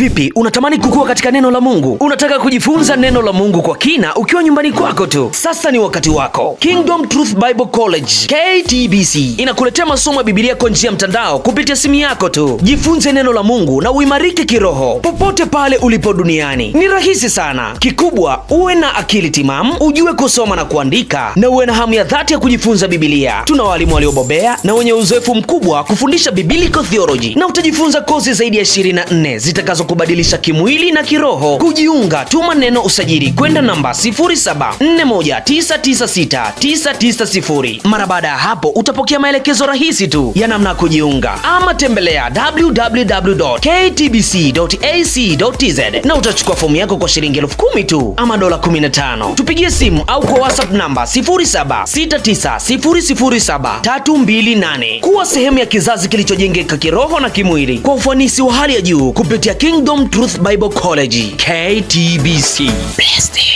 Vipi, unatamani kukua katika neno la Mungu? Unataka kujifunza neno la Mungu kwa kina ukiwa nyumbani kwako tu? Sasa ni wakati wako. Kingdom Truth Bible College KTBC inakuletea masomo ya Biblia kwa njia ya mtandao kupitia simu yako tu. Jifunze neno la Mungu na uimarike kiroho popote pale ulipo duniani. Ni rahisi sana. Kikubwa uwe na akili timamu, ujue kusoma na kuandika, na uwe na hamu ya dhati ya kujifunza Biblia. Tuna walimu waliobobea na wenye uzoefu mkubwa kufundisha biblical theology, na utajifunza kozi zaidi ya 24 zitakazo kukubadilisha kimwili na kiroho. Kujiunga, tuma neno usajili kwenda namba 0741996990. Mara baada ya hapo utapokea maelekezo rahisi tu ya namna ya kujiunga, ama tembelea www.ktbc.ac.tz na utachukua fomu yako kwa shilingi elfu kumi tu ama dola 15. Tupigie simu au kwa WhatsApp namba 0769007328. Kuwa sehemu ya kizazi kilichojengeka kiroho na kimwili kwa ufanisi wa hali ya juu kupitia King Kingdom Truth Bible College, KTBC. Bless them.